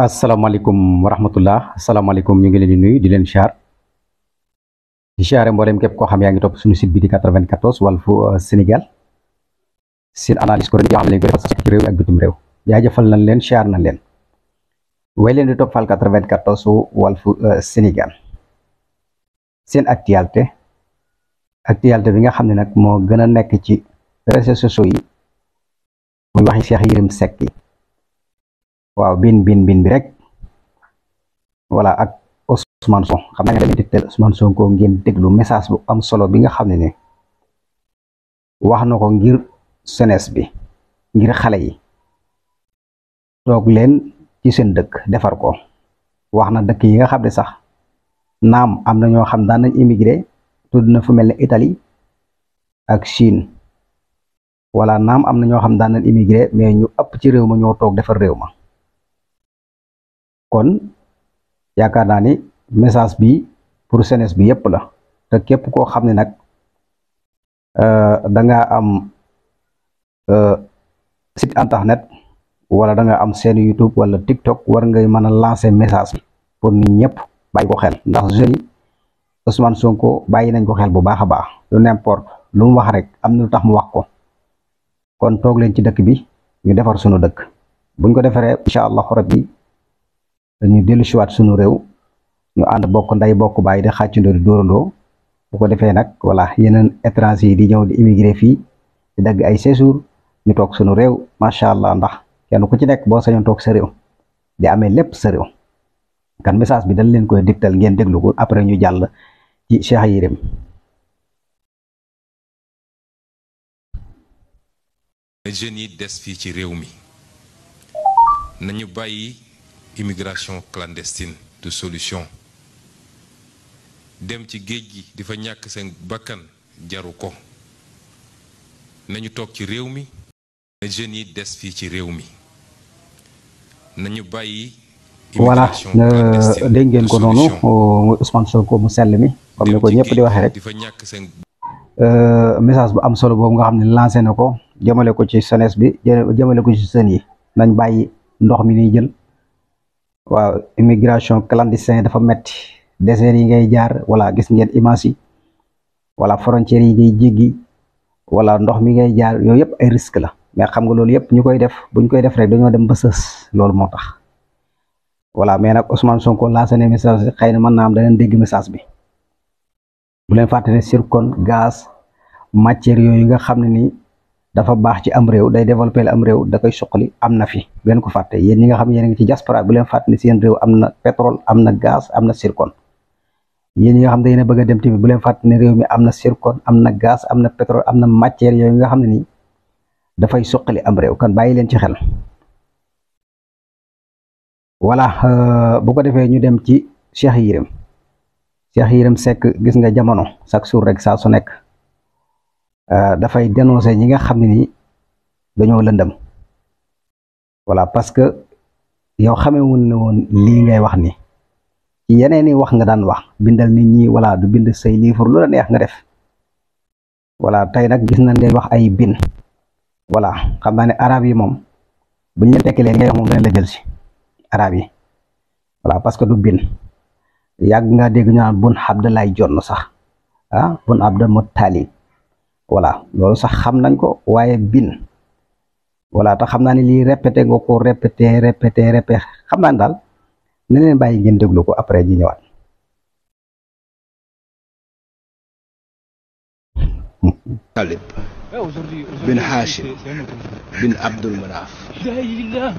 asalaamaaleykum wa rahmatullah asalaamaaleykum ñu ngi leen di nuyu di leen siyaar di siyaare mboolem képp koo xam yaa ngi topp suñu site bi di 94 Walfu euh, Sénégal seen analyse chronique ci réew ak bitim réew jaajëfal nañ leen siyaar nañ leen way leen di topp fal 94 Walfu Sénégal seen actualité actualité bi nga xam ne nag moo gën a nekk ci réseaux sociaux yi muy waxi Cheikh Yérim Seck yi waaw bin bin biin bi rek voilà ak Ousmane Sonko xam naa ne tamit ngeen déglu message bu am solo bi nga xam ne ni wax na ko ngir senes bi ngir xale yi toog leen ci seen dëkk defar ko wax na dëkk yi nga xam ne sax naam am na ñoo xam daan nañ immigré tudd na fu mel ne itali ak Chine wala naam am na ñoo xam daan nañ immigré mais ñu ëpp ci réew ma ñoo toog defar réew ma. kon yaakaar naa ni message bi pour jeunesse bi yépp la te képp koo xam ne nag euh, danga am euh, site internet wala da nga am seen YouTube wala TikTok war ngay mën a lancer message bi pour nit ñëpp bàyyi ko xel ndax jeunes yi Ousmane Sonko bàyyi nañ ko xel bu baax a baax lu n'importe lu mu wax rek am na lu tax mu wax ko kon toog leen ci dëkk bi ñu defar sunu dëkk buñ ko defaree incha allahu rabbi dañuy dellu siwaat suñu réew ñu ànd bokk nday bokk bàyyi di xàccandoo di dóorandoo bu ko defee nag voilà yeneen étranger yi di ñëw di immigré fii di dagg ay séjour ñu toog suñu réew macha allah ndax kenn ku ci nekk boo sañoon toog sa réew di amee lépp sa réew kan message bi dañ leen koy digtal ngeen déglu ko après ñu jàll ci Cheikh Yérim jeunes yi des fii ci réew mi immigration clandestine de solution dem ci géej gi di fa ñàkk seen bakkan jaru ko nañu toog ci réew mi jeunes yi des fii ci réew mi nañu bàyyi voilà euh, dégg ngeen ko noonu euh, muy Ousmane Sonko mu sell mi comme ni ko ñëpp di waxee rek euh, message bu am solo boobu nga xam ne lancé na ko jëmale ko ci jeunesse bi jëmale ko ci jeunes yi nañ bàyyi ndox mi niy jël waaw immigration clandestin dafa metti désert yi ngay jaar wala gis ngeen image yi wala frontières yi ngay jéggi wala ndox mi ngay jaar yooyu yëpp ay risque la mais xam nga loolu yëpp ñu koy def buñ koy def rek dañoo dem ba sës loolu moo tax voilà mais nag Ousmane Sonko laasane message bi xëy na man naa am daneen dégg message bi bu leen fàtte ne zircon gaz matière yooyu nga xam ne nii dafa baax ci am réew day développé am réew da koy am na fi bu leen ko fàtte yéen ñi nga xam ne ngi ci diaspora bu leen fàtte ni seen réew am na pétrole am na gaz am na zircon yéen ñi nga xam ne yéen bëgg dem tamit bu leen fàtte ne réew mi am na zircon am na gaz am na pétrole am na matière yooyu nga xam ne nii dafay suqali am réew kan bàyyi leen ci xel voilà euh, bu ko defee ñu dem ci Cheikh Yérim Cheikh Yérim Seck gis nga jamono chaque jour rek saa su nekk Euh, dafay dénoncer ñi nga xam ne ni dañoo lëndëm voilà parce que yow xamewul ne woon lii ngay wax ni ci yeneen i wax nga daan wax bindal ni ñi voilà du bind say livre lu la neex nga def voilà tey nag gis na ngay wax ay bin voilà xam naa ne arab yi moom bu ñu la tekki leen ngay wax moom la jël si arab yi voilà parce que du bin yàgg nga dégg ñu naan bun Abdallah Jonn sax ah bun Abdal Muttalib voilà loolu sax xam nañ ko waaye bin voilà te xam naa ne lii répété nga ko répété répété répété xam naa daal ne leen ngeen déglu ko après ji ñëwaat Talib bin Hashim bin Abdul Manaf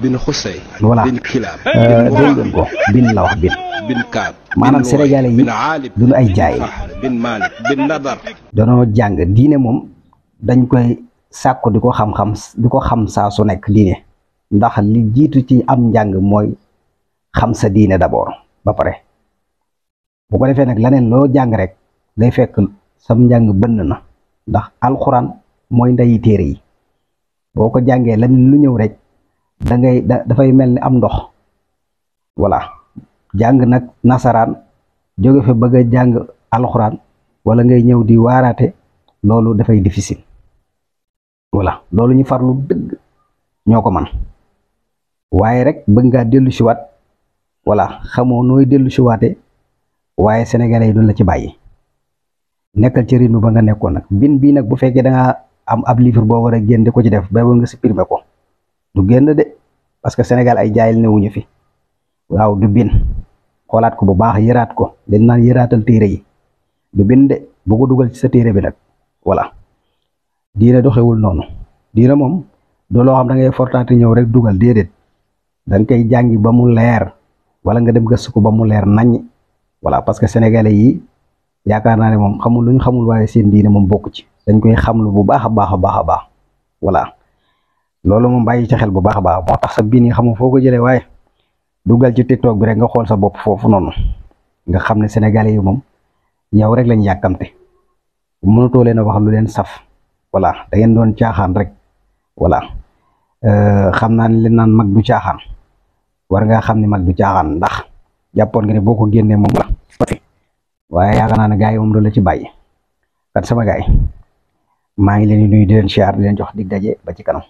bin Xusay voilà euh, dégg ngeen bin la wax bin maanaam sénégalais yi duñu ay jaay danoo jàng diine moom dañ koy sàkku di ko xam-xam di ko xam saa su nekk diine ndax li jiitu ci am njàng mooy xam sa diine d'abord ba pare bu ko defee nag leneen loo jàng rek day fekk sam njàng bënn na ndax alxuraan mooy ndey téere yi boo ko jàngee leneen lu ñëw rek da dafay mel ni am ndox voilà jàng nag nasaraan jóge fa bëgg a jàng alxuraan wala ngay ñëw di waaraate loolu dafay difficile voilà loolu ñu farlu dëgg ñoo ko man waaye rek bëgg ngaa dellu siwaat waat xamoo nooy dellu siwaate waaye sénégalais yi duñ la ci bàyyi nekkal ci rythme ba nga nekkoon nag bin bii nag bu fekkee da am ab livre boo war a génn di ko ci def ba nga supprimer ko du génn de parce que Sénégal ay jaayil newuñu fi waaw du bin xoolaat ko bu baax yëraat ko dañ naan yëraatal téere yi du binde bu ko dugal ci sa téere bi nag voilà diine doxewul noonu diine moom du loo xam dangay ngay fortaate ñëw rek dugal déedéet dañ koy jàngi ba mu leer wala nga dem gëstu ko ba mu leer naññ wala parce que sénégalais yi yaakaar naa ne moom xamul luñ xamul waaye seen diine moom bokk ci dañ koy xamlu bu baax a baax a baax a baax voilà loolu moom bàyyi ci xel bu baax a baax moo tax sa biin xamul foo dugal ci TikTok bi rek nga xool sa bopp foofu noonu nga xam ne sénégalais yi moom yow rek lañ yàkkamte mënatoo leen a wax lu leen saf voilà da ngeen doon caaxaan rek voilà euh, xam naa ne leen naan mag du caaxaan war ngaa xam ne mag du caaxaan ndax jàppoon nga ne boo ko génnee moom la waaye yaakaar naa ne gars yi moom loolu la ci bàyyi kat sama gars yi maa ngi leen di nuyu di leen siyaar di leen jox dig daje ba ci kanam.